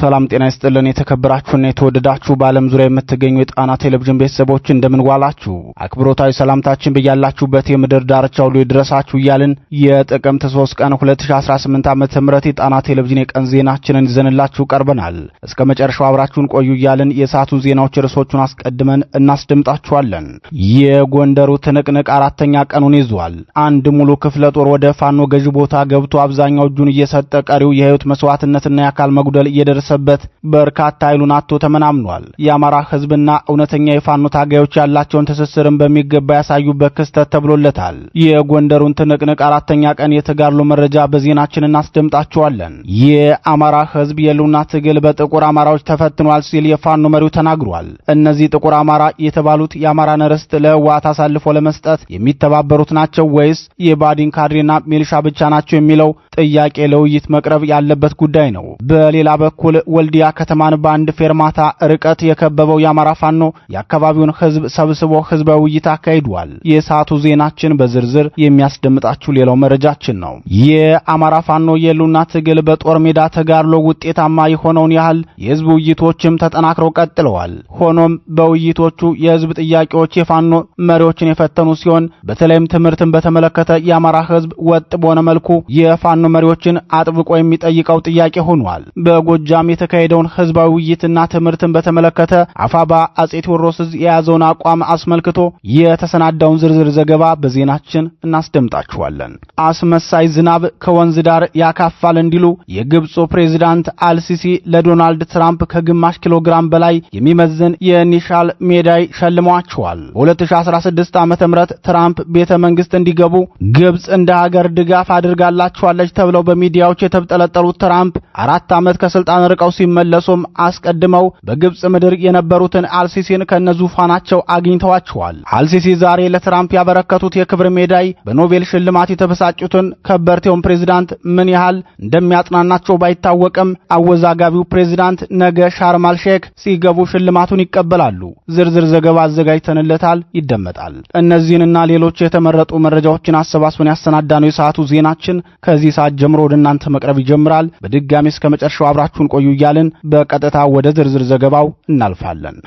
ሰላም ጤና ይስጥልን። የተከበራችሁና የተወደዳችሁ በዓለም ዙሪያ የምትገኙ የጣና ቴሌቪዥን ቤተሰቦች እንደምንዋላችሁ አክብሮታዊ ሰላምታችን በያላችሁበት የምድር ዳርቻ ሁሉ ይድረሳችሁ እያልን የጥቅምት 3 ቀን 2018 ም የጣና ቴሌቪዥን የቀን ዜናችንን ይዘንላችሁ ቀርበናል። እስከ መጨረሻው አብራችሁን ቆዩ እያልን የሰዓቱን ዜናዎች ርዕሶቹን አስቀድመን እናስደምጣችኋለን። የጎንደሩ ትንቅንቅ አራተኛ ቀኑን ይዟል። አንድ ሙሉ ክፍለ ጦር ወደ ፋኖ ገዢ ቦታ ገብቶ አብዛኛው እጁን እየሰጠ ቀሪው የህይወት መስዋዕትነትና የአካል መጉደል እየደረሰ የተጻፈበት በርካታ ኃይሉን አቶ ተመናምኗል። የአማራ ህዝብና እውነተኛ የፋኖ ታጋዮች ያላቸውን ትስስርን በሚገባ ያሳዩበት ክስተት ተብሎለታል። የጎንደሩን ትንቅንቅ አራተኛ ቀን የተጋድሎ መረጃ በዜናችን እናስደምጣቸዋለን። የአማራ ህዝብ የሉና ትግል በጥቁር አማራዎች ተፈትኗል ሲል የፋኖ መሪው ተናግሯል። እነዚህ ጥቁር አማራ የተባሉት የአማራን ርስት ለህወሓት አሳልፎ ለመስጠት የሚተባበሩት ናቸው ወይስ የባዲን ካድሬና ሚልሻ ብቻ ናቸው የሚለው ጥያቄ ለውይይት መቅረብ ያለበት ጉዳይ ነው። በሌላ በኩል ወልዲያ ከተማን በአንድ ፌርማታ ርቀት የከበበው የአማራ ፋኖ የአካባቢውን ህዝብ ሰብስቦ ህዝበ ውይይት አካሂዷል። የሰዓቱ ዜናችን በዝርዝር የሚያስደምጣችሁ ሌላው መረጃችን ነው። የአማራ ፋኖ የሉና ትግል በጦር ሜዳ ተጋድሎ ውጤታማ የሆነውን ያህል የህዝብ ውይይቶችም ተጠናክረው ቀጥለዋል። ሆኖም በውይይቶቹ የህዝብ ጥያቄዎች የፋኖ መሪዎችን የፈተኑ ሲሆን በተለይም ትምህርትን በተመለከተ የአማራ ህዝብ ወጥ በሆነ መልኩ የፋኖ መሪዎችን አጥብቆ የሚጠይቀው ጥያቄ ሆኗል። በጎጃም ተቋም የተካሄደውን ህዝባዊ ውይይትና ትምህርትን በተመለከተ አፋባ አጼ ቴዎድሮስ የያዘውን አቋም አስመልክቶ የተሰናዳውን ዝርዝር ዘገባ በዜናችን እናስደምጣችኋለን። አስመሳይ ዝናብ ከወንዝ ዳር ያካፋል እንዲሉ የግብፁ ፕሬዚዳንት አልሲሲ ለዶናልድ ትራምፕ ከግማሽ ኪሎ ግራም በላይ የሚመዝን የኒሻል ሜዳይ ሸልመዋቸዋል። በ2016 ዓ.ም ትራምፕ ቤተ መንግስት እንዲገቡ ግብፅ እንደ ሀገር ድጋፍ አድርጋላችኋለች ተብለው በሚዲያዎች የተብጠለጠሉት ትራምፕ አራት ዓመት ከስልጣን ተመርቀው ሲመለሱም አስቀድመው በግብጽ ምድር የነበሩትን አልሲሲን ከነዙፋናቸው አግኝተዋቸዋል። አልሲሲ ዛሬ ለትራምፕ ያበረከቱት የክብር ሜዳይ በኖቤል ሽልማት የተበሳጩትን ከበርቴውን ፕሬዝዳንት ምን ያህል እንደሚያጽናናቸው ባይታወቅም አወዛጋቢው ፕሬዝዳንት ነገ ሻርማል ሼክ ሲገቡ ሽልማቱን ይቀበላሉ። ዝርዝር ዘገባ አዘጋጅተንለታል፣ ይደመጣል። እነዚህንና ሌሎች የተመረጡ መረጃዎችን አሰባስበን ያሰናዳነው የሰዓቱ ዜናችን ከዚህ ሰዓት ጀምሮ ወደ እናንተ መቅረብ ይጀምራል። በድጋሚ እስከ መጨረሻው አብራችሁን ቆዩ ቆዩ እያልን በቀጥታ ወደ ዝርዝር ዘገባው እናልፋለን።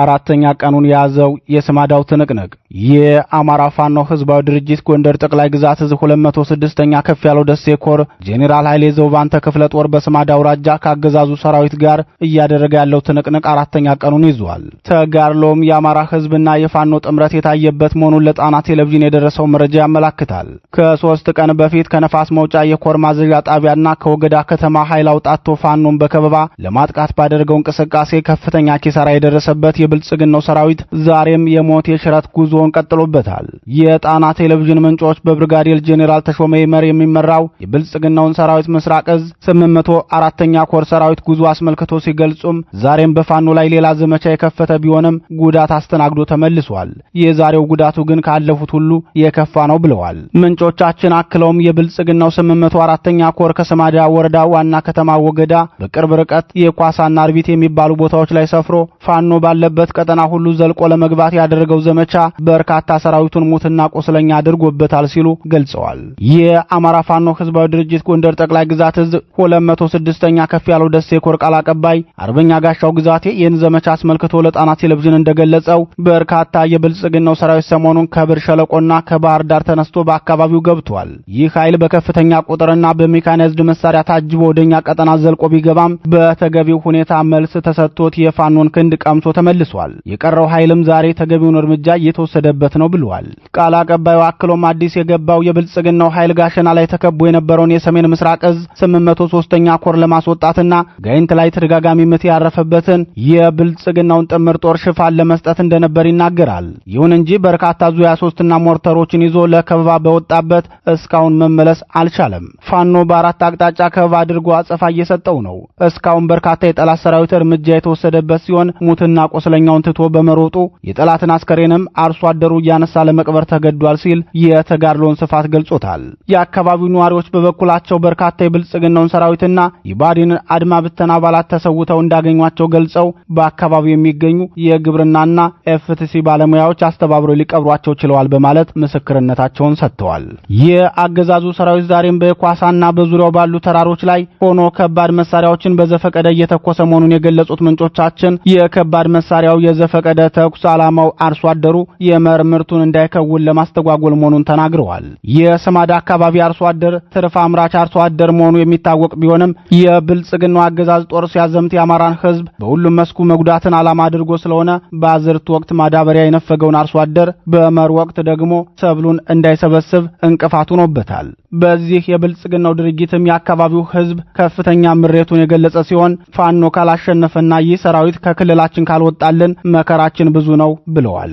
አራተኛ ቀኑን የያዘው የስማዳው ትንቅንቅ የአማራ ፋኖ ህዝባዊ ድርጅት ጎንደር ጠቅላይ ግዛት እዝ 206ኛ ከፍ ያለው ደሴ ኮር ጄኔራል ኃይሌ ዘውባንተ ክፍለ ጦር በስማዳ አውራጃ ካገዛዙ ሰራዊት ጋር እያደረገ ያለው ትንቅንቅ አራተኛ ቀኑን ይዟል። ተጋድሎም የአማራ ህዝብና የፋኖ ጥምረት የታየበት መሆኑን ለጣና ቴሌቪዥን የደረሰው መረጃ ያመላክታል። ከሶስት ቀን በፊት ከነፋስ መውጫ የኮር ማዘዣ ጣቢያና ከወገዳ ከተማ ኃይል አውጣቶ ፋኖን በከበባ ለማጥቃት ባደረገው እንቅስቃሴ ከፍተኛ ኪሳራ የደረሰበት የብልጽግናው ሰራዊት ዛሬም የሞት የሽረት ጉዞ ጉዞውን ቀጥሎበታል። የጣና ቴሌቪዥን ምንጮች በብርጋዴር ጄኔራል ተሾመ ይመር የሚመራው የብልጽግናውን ሰራዊት ምስራቅ እዝ 804ኛ ኮር ሰራዊት ጉዞ አስመልክቶ ሲገልጹም ዛሬም በፋኖ ላይ ሌላ ዘመቻ የከፈተ ቢሆንም ጉዳት አስተናግዶ ተመልሷል። የዛሬው ጉዳቱ ግን ካለፉት ሁሉ የከፋ ነው ብለዋል ምንጮቻችን። አክለውም የብልጽግናው 804ኛ ኮር ከሰማዳ ወረዳ ዋና ከተማ ወገዳ በቅርብ ርቀት የኳሳና አርቢት የሚባሉ ቦታዎች ላይ ሰፍሮ ፋኖ ባለበት ቀጠና ሁሉ ዘልቆ ለመግባት ያደረገው ዘመቻ በርካታ ሰራዊቱን ሞትና ቆስለኛ አድርጎበታል ሲሉ ገልጸዋል። የአማራ ፋኖ ህዝባዊ ድርጅት ጎንደር ጠቅላይ ግዛት እዝ 206ኛ ከፍ ያለው ደሴ ኮር ቃል አቀባይ አርበኛ ጋሻው ግዛቴ ይህን ዘመቻ አስመልክቶ ለጣና ቴሌቪዥን እንደገለጸው በርካታ የብልጽግናው ሰራዊት ሰሞኑን ከብር ሸለቆና ከባህር ዳር ተነስቶ በአካባቢው ገብቷል። ይህ ኃይል በከፍተኛ ቁጥርና በሜካናይዝድ መሳሪያ ታጅቦ ወደኛ ቀጠና ዘልቆ ቢገባም በተገቢው ሁኔታ መልስ ተሰጥቶት የፋኖን ክንድ ቀምሶ ተመልሷል። የቀረው ኃይልም ዛሬ ተገቢውን እርምጃ እየተወሰደ የተወሰደበት ነው ብለዋል። ቃል አቀባዩ አክሎም አዲስ የገባው የብልጽግናው ኃይል ጋሸና ላይ ተከቦ የነበረውን የሰሜን ምስራቅ እዝ 803ኛ ኮር ለማስወጣትና ጋይንት ላይ ተደጋጋሚ ምት ያረፈበትን የብልጽግናውን ጥምር ጦር ሽፋን ለመስጠት እንደነበር ይናገራል። ይሁን እንጂ በርካታ ዙያ ሶስትና ሞርተሮችን ይዞ ለከበባ በወጣበት እስካሁን መመለስ አልቻለም። ፋኖ በአራት አቅጣጫ ከበባ አድርጎ አጸፋ እየሰጠው ነው። እስካሁን በርካታ የጠላት ሰራዊት እርምጃ የተወሰደበት ሲሆን ሙትና ቆስለኛውን ትቶ በመሮጡ የጠላትን አስከሬንም አርሶ አደሩ እያነሳ ለመቅበር ተገዷል ሲል የተጋድሎውን ስፋት ገልጾታል። የአካባቢው ነዋሪዎች በበኩላቸው በርካታ የብልጽግናውን ሰራዊትና የባዴን አድማ ብተና አባላት ተሰውተው እንዳገኟቸው ገልጸው በአካባቢው የሚገኙ የግብርናና ኤፍቲሲ ባለሙያዎች አስተባብረው ሊቀብሯቸው ችለዋል በማለት ምስክርነታቸውን ሰጥተዋል። የአገዛዙ ሰራዊት ዛሬም በኳሳና በዙሪያው ባሉ ተራሮች ላይ ሆኖ ከባድ መሳሪያዎችን በዘፈቀደ እየተኮሰ መሆኑን የገለጹት ምንጮቻችን የከባድ መሳሪያው የዘፈቀደ ተኩስ ዓላማው አርሶ አደሩ መመር ምርቱን እንዳይከውን ለማስተጓጎል መሆኑን ተናግረዋል። የሰማዳ አካባቢ አርሶ አደር ትርፍ አምራች አርሶ አደር መሆኑ የሚታወቅ ቢሆንም የብልጽግናው አገዛዝ ጦር ሲያዘምት የአማራን ሕዝብ በሁሉም መስኩ መጉዳትን ዓላማ አድርጎ ስለሆነ በአዝርት ወቅት ማዳበሪያ የነፈገውን አርሶ አደር በመር ወቅት ደግሞ ሰብሉን እንዳይሰበስብ እንቅፋት ሆኖበታል። በዚህ የብልጽግናው ድርጊትም የአካባቢው ሕዝብ ከፍተኛ ምሬቱን የገለጸ ሲሆን ፋኖ ካላሸነፈና ይህ ሰራዊት ከክልላችን ካልወጣልን መከራችን ብዙ ነው ብለዋል።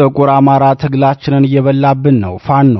ጥቁር አማራ ትግላችንን እየበላብን ነው። ፋኖ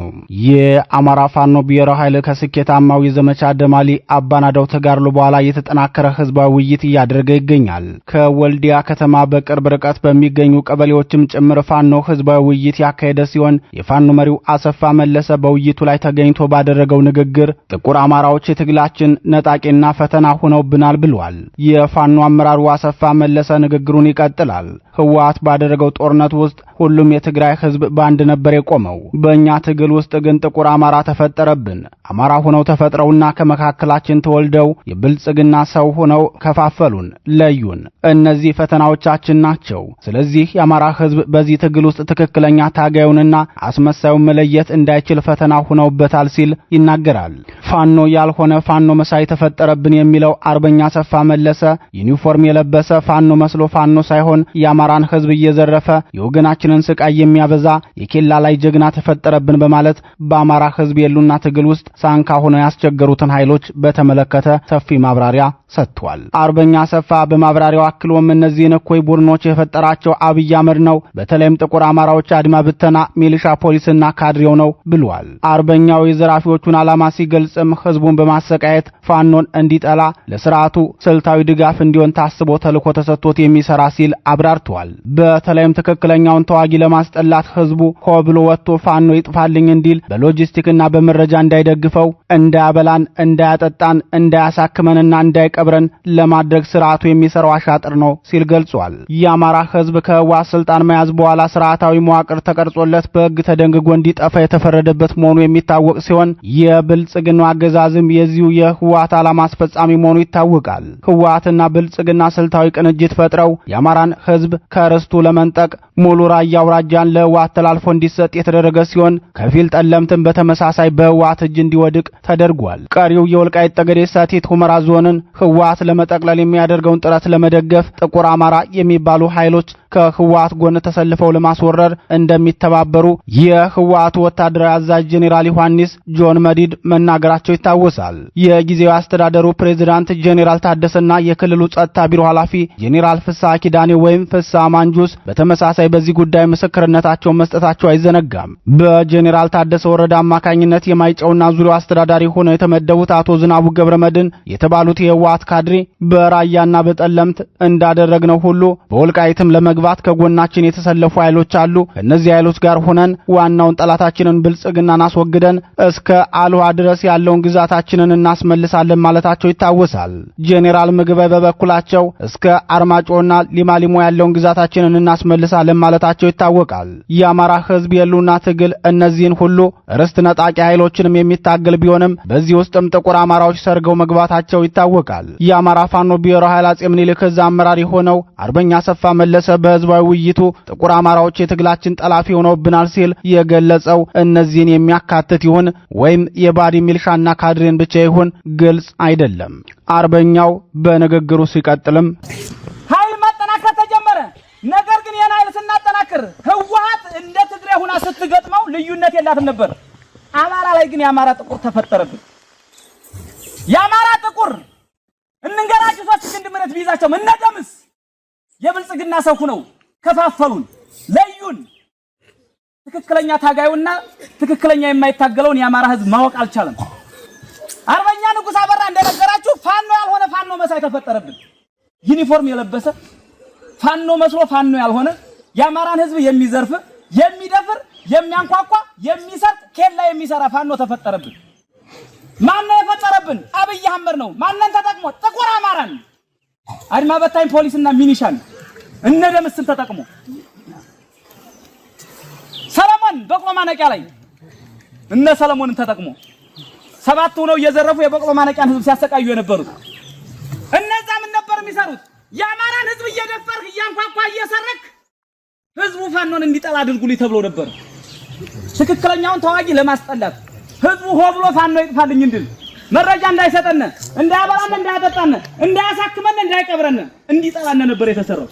የአማራ ፋኖ ብሔራዊ ኃይል ከስኬታማው የዘመቻ ደማሊ አባናዳው ተጋድሎ በኋላ የተጠናከረ ህዝባዊ ውይይት እያደረገ ይገኛል። ከወልዲያ ከተማ በቅርብ ርቀት በሚገኙ ቀበሌዎችም ጭምር ፋኖ ህዝባዊ ውይይት ያካሄደ ሲሆን የፋኖ መሪው አሰፋ መለሰ በውይይቱ ላይ ተገኝቶ ባደረገው ንግግር ጥቁር አማራዎች የትግላችን ነጣቂና ፈተና ሆነውብናል ብሏል። የፋኖ አመራሩ አሰፋ መለሰ ንግግሩን ይቀጥላል። ህወሓት ባደረገው ጦርነት ውስጥ ሁሉ ሁሉም የትግራይ ህዝብ በአንድ ነበር የቆመው። በእኛ ትግል ውስጥ ግን ጥቁር አማራ ተፈጠረብን። አማራ ሆነው ተፈጥረውና ከመካከላችን ተወልደው የብልጽግና ሰው ሆነው ከፋፈሉን፣ ለዩን። እነዚህ ፈተናዎቻችን ናቸው። ስለዚህ የአማራ ሕዝብ በዚህ ትግል ውስጥ ትክክለኛ ታጋዩንና አስመሳዩን መለየት እንዳይችል ፈተና ሆነውበታል ሲል ይናገራል። ፋኖ ያልሆነ ፋኖ መሳይ ተፈጠረብን የሚለው አርበኛ ሰፋ መለሰ ዩኒፎርም የለበሰ ፋኖ መስሎ ፋኖ ሳይሆን የአማራን ሕዝብ እየዘረፈ የወገናችንን ስቃይ የሚያበዛ የኬላ ላይ ጀግና ተፈጠረብን በማለት በአማራ ሕዝብ የሉና ትግል ውስጥ ሳንካ ሆነው ያስቸገሩትን ኃይሎች በተመለከተ ሰፊ ማብራሪያ ሰጥቷል። አርበኛ ሰፋ በማብራሪያው አክሎም እነዚህን እኮይ ቡድኖች የፈጠራቸው አብይ አህመድ ነው፣ በተለይም ጥቁር አማራዎች አድማ ብተና፣ ሚሊሻ፣ ፖሊስና ካድሬው ነው ብሏል። አርበኛው የዘራፊዎቹን ዓላማ ሲገልጽም ህዝቡን በማሰቃየት ፋኖን እንዲጠላ ለስርዓቱ ስልታዊ ድጋፍ እንዲሆን ታስቦ ተልኮ ተሰጥቶት የሚሰራ ሲል አብራርተዋል። በተለይም ትክክለኛውን ተዋጊ ለማስጠላት ህዝቡ ሆ ብሎ ወጥቶ ፋኖ ይጥፋልኝ እንዲል በሎጂስቲክና በመረጃ እንዳይደግ ደግፈው እንዳያበላን፣ እንዳያጠጣን፣ እንዳያሳክመንና እንዳይቀብረን ለማድረግ ስርዓቱ የሚሰራው አሻጥር ነው ሲል ገልጿል። የአማራ ህዝብ ከህወሓት ስልጣን መያዝ በኋላ ስርዓታዊ መዋቅር ተቀርጾለት በህግ ተደንግጎ እንዲጠፋ የተፈረደበት መሆኑ የሚታወቅ ሲሆን የብልጽግና አገዛዝም የዚሁ የህወሓት ዓላማ አስፈጻሚ መሆኑ ይታወቃል። ህወሓትና ብልጽግና ስልታዊ ቅንጅት ፈጥረው የአማራን ህዝብ ከርስቱ ለመንጠቅ ሙሉ ራያ አውራጃን ለህወሓት ተላልፎ እንዲሰጥ የተደረገ ሲሆን ከፊል ጠለምትን በተመሳሳይ በህወሓት እጅ እንዲወድቅ ተደርጓል። ቀሪው የወልቃይት ጠገዴ ሰቲት ሁመራ ዞንን ህወሓት ለመጠቅለል የሚያደርገውን ጥረት ለመደገፍ ጥቁር አማራ የሚባሉ ኃይሎች ከህወሓት ጎን ተሰልፈው ለማስወረር እንደሚተባበሩ የህወሓቱ ወታደራዊ አዛዥ ጄኔራል ዮሐንስ ጆን መዲድ መናገራቸው ይታወሳል። የጊዜያዊ አስተዳደሩ ፕሬዝዳንት ጄኔራል ታደሰና የክልሉ ጸጥታ ቢሮ ኃላፊ ጄኔራል ፍሳ ኪዳኔ ወይም ፍሳ ማንጁስ በተመሳሳይ በዚህ ጉዳይ ምስክርነታቸውን መስጠታቸው አይዘነጋም። በጄኔራል ታደሰ ወረዳ አማካኝነት የማይጨውና ዙሪያው አስተዳዳሪ ሆነው የተመደቡት አቶ ዝናቡ ገብረመድን የተባሉት የህወሓት ካድሬ በራያና በጠለምት እንዳደረግነው ሁሉ በወልቃይትም ለመግባ ለመግባት ከጎናችን የተሰለፉ ኃይሎች አሉ። ከእነዚህ ኃይሎች ጋር ሆነን ዋናውን ጠላታችንን ብልጽግናን አስወግደን እስከ አልዋ ድረስ ያለውን ግዛታችንን እናስመልሳለን ማለታቸው ይታወሳል። ጄኔራል ምግበ በበኩላቸው እስከ አርማጮና ሊማሊሞ ያለውን ግዛታችንን እናስመልሳለን ማለታቸው ይታወቃል። የአማራ ህዝብ የሉና ትግል እነዚህን ሁሉ ርስት ነጣቂ ኃይሎችንም የሚታገል ቢሆንም በዚህ ውስጥም ጥቁር አማራዎች ሰርገው መግባታቸው ይታወቃል። የአማራ ፋኖ ብሔራዊ ኃይል አጼ ምኒልክ እዝ አመራር የሆነው አርበኛ አሰፋ መለሰ በ በህዝባዊ ውይይቱ ጥቁር አማራዎች የትግላችን ጠላፊ ሆነውብናል ሲል የገለጸው እነዚህን የሚያካትት ይሁን ወይም የባዲ ሚልሻና ካድሬን ብቻ ይሁን ግልጽ አይደለም። አርበኛው በንግግሩ ሲቀጥልም ኃይል ማጠናከር ተጀመረ። ነገር ግን ይህን ኃይል ስናጠናክር ህወሓት እንደ ትግሬ ሁና ስትገጥመው ልዩነት የላትም ነበር። አማራ ላይ ግን የአማራ ጥቁር ተፈጠረብን። የአማራ ጥቁር እንንገራችሁ ሶስት እንድምረት ቢይዛቸው እነደምስ የብልጽግና ሰው ሁነው ከፋፈሉን፣ ለዩን። ትክክለኛ ታጋዩና ትክክለኛ የማይታገለውን የአማራ ህዝብ ማወቅ አልቻለም። አርበኛ ንጉስ አበራ እንደነገራችሁ ፋኖ ያልሆነ ፋኖ መሳይ ተፈጠረብን። ዩኒፎርም የለበሰ ፋኖ መስሎ ፋኖ ያልሆነ የአማራን ህዝብ የሚዘርፍ የሚደፍር፣ የሚያንኳኳ፣ የሚሰርቅ ኬላ የሚሰራ ፋኖ ተፈጠረብን። ማነው የፈጠረብን? አብይ አህመድ ነው። ማንን ተጠቅሞ? ጥቁር አማራን አድማ በታኝ ፖሊስና ሚኒሻን እነ ደምስን ተጠቅሞ ሰለሞን በቅሎ ማነቂያ ላይ እነ ሰለሞንን ተጠቅሞ ሰባት ሆነው እየዘረፉ የበቅሎ ማነቂያን ህዝብ ሲያሰቃዩ የነበሩት እነዛ ምን ነበር የሚሰሩት? የአማራን ህዝብ እየደፈርክ እያንኳኳ እየሰረክ ህዝቡ ፋኖን እንዲጠላ አድርጉልኝ ተብሎ ነበር። ትክክለኛውን ተዋጊ ለማስጠላት ህዝቡ ሆ ብሎ ፋኖ ይጥፋልኝ እንድል መረጃ እንዳይሰጠን፣ እንዳያበላን፣ እንዳያጠጣን፣ እንዳያሳክመን፣ እንዳይቀብረን፣ እንዲጠላን ነበር የተሰራው።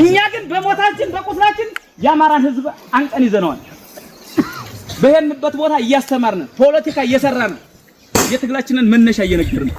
እኛ ግን በሞታችን በቁስላችን የአማራን ህዝብ አንቀን ይዘነዋል። በሄድንበት ቦታ እያስተማርን ፖለቲካ እየሰራን የትግላችንን መነሻ እየነገርን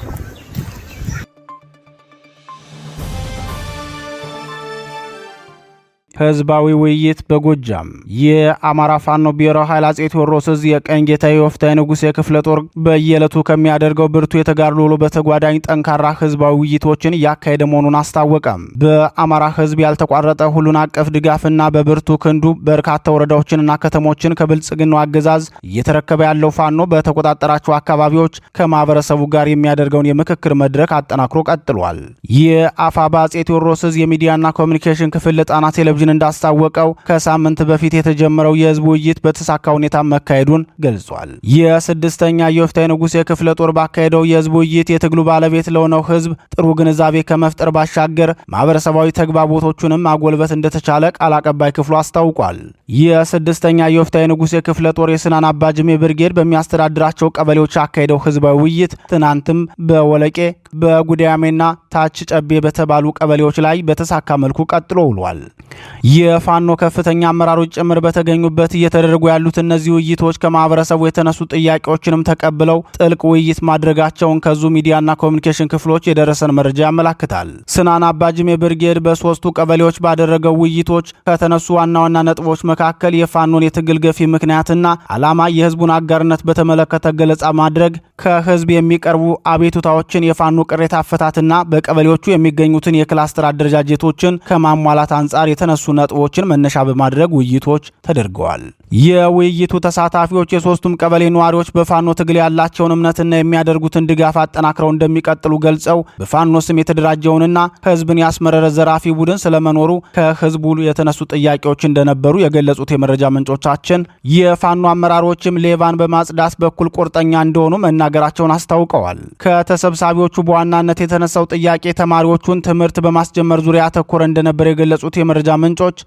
ህዝባዊ ውይይት በጎጃም የአማራ ፋኖ ብሔራዊ ኃይል አጼ ቴዎድሮስ እዝ የቀኝ ጌታ የወፍታይ ንጉሥ የክፍለ ጦር በየዕለቱ ከሚያደርገው ብርቱ የተጋድሎ ውሎ በተጓዳኝ ጠንካራ ህዝባዊ ውይይቶችን እያካሄደ መሆኑን አስታወቀ። በአማራ ህዝብ ያልተቋረጠ ሁሉን አቀፍ ድጋፍና በብርቱ ክንዱ በርካታ ወረዳዎችንና ከተሞችን ከብልጽግናው አገዛዝ እየተረከበ ያለው ፋኖ በተቆጣጠራቸው አካባቢዎች ከማህበረሰቡ ጋር የሚያደርገውን የምክክር መድረክ አጠናክሮ ቀጥሏል። የአፋባ አጼ ቴዎድሮስ እዝ የሚዲያና ኮሚኒኬሽን ክፍል ለጣና ቴሌቪዥን ግን እንዳስታወቀው ከሳምንት በፊት የተጀመረው የህዝብ ውይይት በተሳካ ሁኔታ መካሄዱን ገልጿል። የስድስተኛ የወፍታዊ ንጉስ የክፍለ ጦር ባካሄደው የህዝብ ውይይት የትግሉ ባለቤት ለሆነው ህዝብ ጥሩ ግንዛቤ ከመፍጠር ባሻገር ማህበረሰባዊ ተግባቦቶቹንም ማጎልበት እንደተቻለ ቃል አቀባይ ክፍሉ አስታውቋል። የስድስተኛ የወፍታዊ ንጉሴ የክፍለ ጦር የስናን አባጅሜ ብርጌድ በሚያስተዳድራቸው ቀበሌዎች ያካሄደው ህዝባዊ ውይይት ትናንትም በወለቄ በጉዳያሜና ታች ጨቤ በተባሉ ቀበሌዎች ላይ በተሳካ መልኩ ቀጥሎ ውሏል። የፋኖ ከፍተኛ አመራሮች ጭምር በተገኙበት እየተደረጉ ያሉት እነዚህ ውይይቶች ከማህበረሰቡ የተነሱ ጥያቄዎችንም ተቀብለው ጥልቅ ውይይት ማድረጋቸውን ከዙ ሚዲያና ኮሚኒኬሽን ክፍሎች የደረሰን መረጃ ያመላክታል። ስናን አባጅሜ ብርጌድ በሶስቱ ቀበሌዎች ባደረገው ውይይቶች ከተነሱ ዋና ዋና ነጥቦች መካከል የፋኖን የትግል ገፊ ምክንያትና ዓላማ፣ የህዝቡን አጋርነት በተመለከተ ገለጻ ማድረግ፣ ከህዝብ የሚቀርቡ አቤቱታዎችን፣ የፋኖ ቅሬታ አፈታትና በቀበሌዎቹ የሚገኙትን የክላስተር አደረጃጀቶችን ከማሟላት አንጻር የተነሱ ነጥቦችን መነሻ በማድረግ ውይይቶች ተደርገዋል። የውይይቱ ተሳታፊዎች የሶስቱም ቀበሌ ነዋሪዎች በፋኖ ትግል ያላቸውን እምነትና የሚያደርጉትን ድጋፍ አጠናክረው እንደሚቀጥሉ ገልጸው በፋኖ ስም የተደራጀውንና ህዝብን ያስመረረ ዘራፊ ቡድን ስለመኖሩ ከህዝቡ የተነሱ ጥያቄዎች እንደነበሩ የገለጹት የመረጃ ምንጮቻችን የፋኖ አመራሮችም ሌቫን በማጽዳት በኩል ቁርጠኛ እንደሆኑ መናገራቸውን አስታውቀዋል። ከተሰብሳቢዎቹ በዋናነት የተነሳው ጥያቄ ተማሪዎቹን ትምህርት በማስጀመር ዙሪያ ያተኮረ እንደነበር የገለጹት የመረጃ ምንጮች ተማሪዎች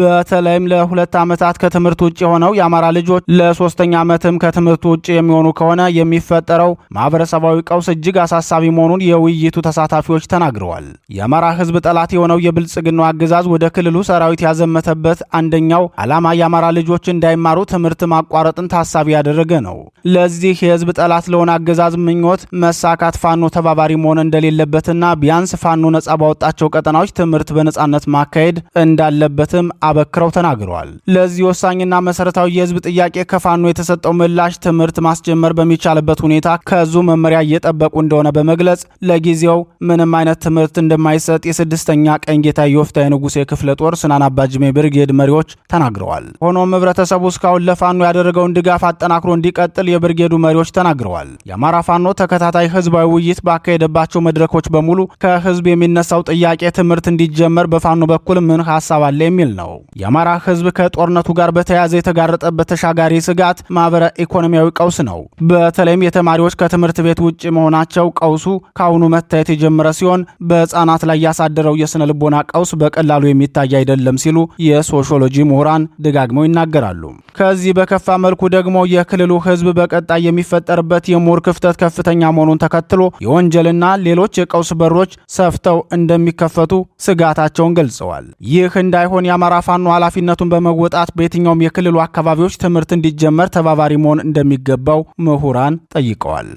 በተለይም ለሁለት ዓመታት ከትምህርት ውጭ የሆነው የአማራ ልጆች ለሶስተኛ ዓመትም ከትምህርት ውጭ የሚሆኑ ከሆነ የሚፈጠረው ማህበረሰባዊ ቀውስ እጅግ አሳሳቢ መሆኑን የውይይቱ ተሳታፊዎች ተናግረዋል። የአማራ ህዝብ ጠላት የሆነው የብልጽግናው አገዛዝ ወደ ክልሉ ሰራዊት ያዘመተበት አንደኛው ዓላማ የአማራ ልጆች እንዳይማሩ ትምህርት ማቋረጥን ታሳቢ ያደረገ ነው። ለዚህ የህዝብ ጠላት ለሆነ አገዛዝ ምኞት መሳካት ፋኖ ተባባሪ መሆን እንደሌለበትና ቢያንስ ፋኖ ነጻ ባወጣቸው ቀጠናዎች ትምህርት በነጻነት ማካሄድ እንዳለ እንዳለበትም አበክረው ተናግረዋል። ለዚህ ወሳኝና መሰረታዊ የህዝብ ጥያቄ ከፋኖ የተሰጠው ምላሽ ትምህርት ማስጀመር በሚቻልበት ሁኔታ ከዙ መመሪያ እየጠበቁ እንደሆነ በመግለጽ ለጊዜው ምንም አይነት ትምህርት እንደማይሰጥ የስድስተኛ ቀኝ ጌታ የወፍታ የንጉሴ ክፍለ ጦር ስናን አባጅሜ ብርጌድ መሪዎች ተናግረዋል። ሆኖም ህብረተሰቡ እስካሁን ለፋኖ ያደረገውን ድጋፍ አጠናክሮ እንዲቀጥል የብርጌዱ መሪዎች ተናግረዋል። የአማራ ፋኖ ተከታታይ ህዝባዊ ውይይት ባካሄደባቸው መድረኮች በሙሉ ከህዝብ የሚነሳው ጥያቄ ትምህርት እንዲጀመር በፋኖ በኩል ምን ሀሳብ ይገባል የሚል ነው። የአማራ ህዝብ ከጦርነቱ ጋር በተያያዘ የተጋረጠበት ተሻጋሪ ስጋት ማህበረ ኢኮኖሚያዊ ቀውስ ነው። በተለይም የተማሪዎች ከትምህርት ቤት ውጭ መሆናቸው ቀውሱ ከአሁኑ መታየት የጀመረ ሲሆን በህፃናት ላይ ያሳደረው የስነ ልቦና ቀውስ በቀላሉ የሚታይ አይደለም ሲሉ የሶሾሎጂ ምሁራን ደጋግመው ይናገራሉ። ከዚህ በከፋ መልኩ ደግሞ የክልሉ ህዝብ በቀጣይ የሚፈጠርበት የሞር ክፍተት ከፍተኛ መሆኑን ተከትሎ የወንጀልና ሌሎች የቀውስ በሮች ሰፍተው እንደሚከፈቱ ስጋታቸውን ገልጸዋል። ይህ እንዳይሆን የአማራ ፋኖ ኃላፊነቱን በመወጣት በየትኛውም የክልሉ አካባቢዎች ትምህርት እንዲጀመር ተባባሪ መሆን እንደሚገባው ምሁራን ጠይቀዋል።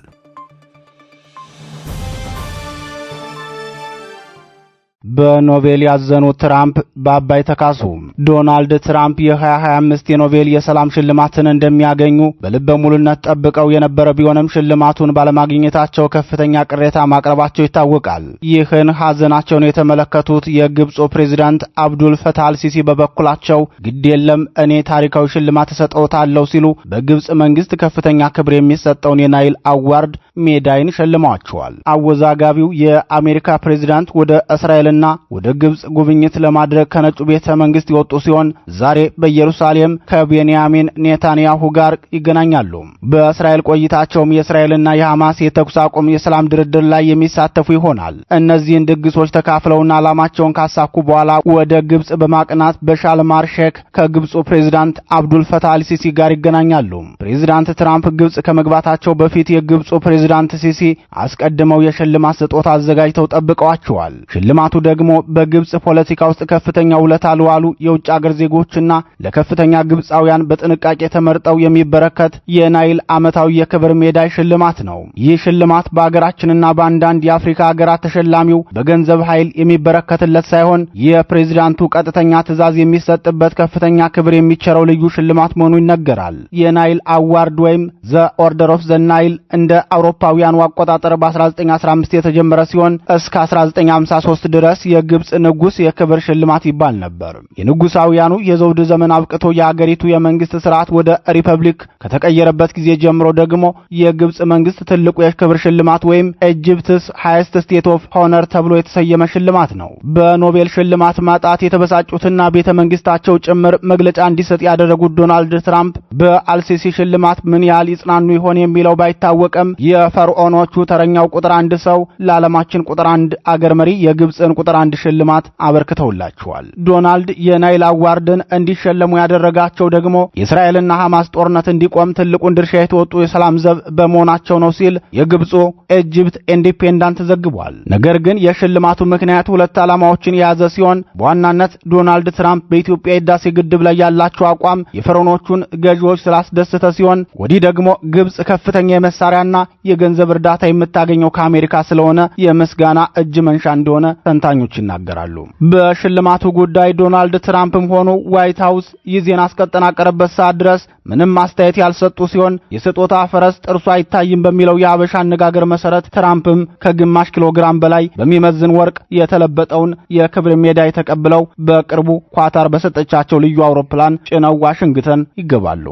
በኖቤል ያዘኑ ትራምፕ በአባይ ተካሱ። ዶናልድ ትራምፕ የ2025 የኖቤል የሰላም ሽልማትን እንደሚያገኙ በልበ ሙሉነት ጠብቀው የነበረ ቢሆንም ሽልማቱን ባለማግኘታቸው ከፍተኛ ቅሬታ ማቅረባቸው ይታወቃል። ይህን ሐዘናቸውን የተመለከቱት የግብፁ ፕሬዚዳንት አብዱል ፈታህ አልሲሲ በበኩላቸው ግድ የለም እኔ ታሪካዊ ሽልማት እሰጠውታለሁ ሲሉ በግብፅ መንግስት ከፍተኛ ክብር የሚሰጠውን የናይል አዋርድ ሜዳይን ሸልመዋቸዋል። አወዛጋቢው የአሜሪካ ፕሬዚዳንት ወደ እስራኤልና ወደ ግብፅ ጉብኝት ለማድረግ ከነጩ ቤተ መንግስት የወጡ ሲሆን ዛሬ በኢየሩሳሌም ከቤንያሚን ኔታንያሁ ጋር ይገናኛሉ። በእስራኤል ቆይታቸውም የእስራኤልና የሐማስ የተኩስ አቁም የሰላም ድርድር ላይ የሚሳተፉ ይሆናል። እነዚህን ድግሶች ተካፍለውና ዓላማቸውን ካሳኩ በኋላ ወደ ግብፅ በማቅናት በሻልማር ሼክ ከግብፁ ፕሬዚዳንት አብዱል ፈታህ አልሲሲ ጋር ይገናኛሉ። ፕሬዚዳንት ትራምፕ ግብፅ ከመግባታቸው በፊት የግብፁ ፕሬዚዳንት ፕሬዝዳንት ሲሲ አስቀድመው የሽልማት ስጦታ አዘጋጅተው ጠብቀዋቸዋል። ሽልማቱ ደግሞ በግብጽ ፖለቲካ ውስጥ ከፍተኛ ውለታ ለዋሉ የውጭ አገር ዜጎችና ለከፍተኛ ግብጻውያን በጥንቃቄ ተመርጠው የሚበረከት የናይል ዓመታዊ የክብር ሜዳይ ሽልማት ነው። ይህ ሽልማት በአገራችንና በአንዳንድ የአፍሪካ ሀገራት ተሸላሚው በገንዘብ ኃይል የሚበረከትለት ሳይሆን የፕሬዝዳንቱ ቀጥተኛ ትዕዛዝ የሚሰጥበት ከፍተኛ ክብር የሚቸረው ልዩ ሽልማት መሆኑ ይነገራል። የናይል አዋርድ ወይም ዘ ኦርደር ኦፍ ዘ ናይል እንደ አውሮፓ አውሮፓውያኑ አቆጣጠር በ1915 የተጀመረ ሲሆን እስከ 1953 ድረስ የግብፅ ንጉሥ የክብር ሽልማት ይባል ነበር። የንጉሳውያኑ የዘውድ ዘመን አብቅቶ የአገሪቱ የመንግስት ስርዓት ወደ ሪፐብሊክ ከተቀየረበት ጊዜ ጀምሮ ደግሞ የግብፅ መንግስት ትልቁ የክብር ሽልማት ወይም ኤጅፕትስ ሃይስት ስቴት ኦፍ ሆነር ተብሎ የተሰየመ ሽልማት ነው። በኖቤል ሽልማት ማጣት የተበሳጩትና ቤተ መንግስታቸው ጭምር መግለጫ እንዲሰጥ ያደረጉት ዶናልድ ትራምፕ በአልሲሲ ሽልማት ምን ያህል ይጽናኑ ይሆን የሚለው ባይታወቅም ከፈርዖኖቹ ተረኛው ቁጥር አንድ ሰው ለዓለማችን ቁጥር አንድ አገር መሪ የግብፅን ቁጥር አንድ ሽልማት አበርክተውላቸዋል። ዶናልድ የናይል አዋርድን እንዲሸለሙ ያደረጋቸው ደግሞ የእስራኤልና ሐማስ ጦርነት እንዲቆም ትልቁን ድርሻ የተወጡ የሰላም ዘብ በመሆናቸው ነው ሲል የግብፁ ኢጅፕት ኢንዲፔንዳንት ዘግቧል። ነገር ግን የሽልማቱ ምክንያት ሁለት ዓላማዎችን የያዘ ሲሆን በዋናነት ዶናልድ ትራምፕ በኢትዮጵያ የህዳሴ ግድብ ላይ ያላቸው አቋም የፈርዖኖቹን ገዢዎች ስላስደሰተ ሲሆን ወዲህ ደግሞ ግብፅ ከፍተኛ የመሳሪያና የ የገንዘብ እርዳታ የምታገኘው ከአሜሪካ ስለሆነ የምስጋና እጅ መንሻ እንደሆነ ተንታኞች ይናገራሉ። በሽልማቱ ጉዳይ ዶናልድ ትራምፕም ሆኑ ዋይት ሀውስ ይህ ዜና እስከጠናቀረበት ሰዓት ድረስ ምንም ማስተያየት ያልሰጡ ሲሆን የስጦታ ፈረስ ጥርሱ አይታይም በሚለው የአበሻ አነጋገር መሰረት ትራምፕም ከግማሽ ኪሎ ግራም በላይ በሚመዝን ወርቅ የተለበጠውን የክብር ሜዳይ ተቀብለው በቅርቡ ኳታር በሰጠቻቸው ልዩ አውሮፕላን ጭነው ዋሽንግተን ይገባሉ።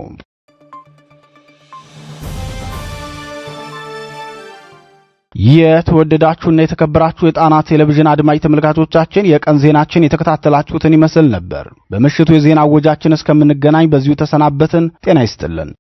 የተወደዳችሁና የተከበራችሁ የጣና ቴሌቪዥን አድማጭ ተመልካቾቻችን የቀን ዜናችን የተከታተላችሁትን ይመስል ነበር። በምሽቱ የዜና አወጃችን እስከምንገናኝ በዚሁ ተሰናበትን። ጤና ይስጥልን።